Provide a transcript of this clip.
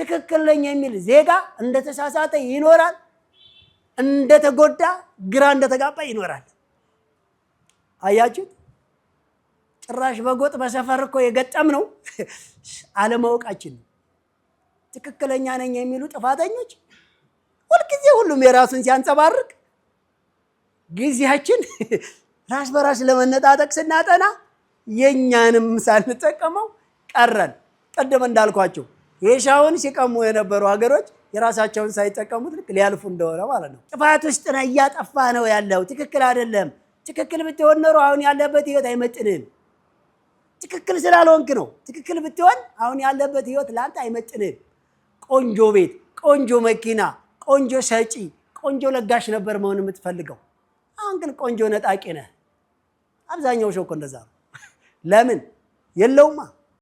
ትክክል ነኝ የሚል ዜጋ እንደተሳሳተ ይኖራል። እንደተጎዳ ግራ እንደተጋባ ይኖራል። አያችሁት? ጭራሽ በጎጥ በሰፈር እኮ የገጠም ነው አለማወቃችን ነው። ትክክለኛ ነኝ የሚሉ ጥፋተኞች ሁልጊዜ ሁሉም የራሱን ሲያንጸባርቅ ጊዜያችን ራስ በራስ ለመነጣጠቅ ስናጠና የእኛንም ሳንጠቀመው ቀረን። ቀደም እንዳልኳቸው የሻውን ሲቀሙ የነበሩ ሀገሮች የራሳቸውን ሳይጠቀሙት ልክ ሊያልፉ እንደሆነ ማለት ነው። ጥፋት ውስጥ ነህ፣ እያጠፋ ነው ያለው። ትክክል አይደለም። ትክክል ብትሆን ኖሮ አሁን ያለበት ህይወት አይመጥንም። ትክክል ስላልሆንክ ነው። ትክክል ብትሆን አሁን ያለበት ህይወት ለአንተ አይመጥንም። ቆንጆ ቤት፣ ቆንጆ መኪና፣ ቆንጆ ሰጪ፣ ቆንጆ ለጋሽ ነበር መሆን የምትፈልገው። አሁን ግን ቆንጆ ነጣቂ ነህ። አብዛኛው ሾኮ እንደዛ ነው። ለምን የለውማ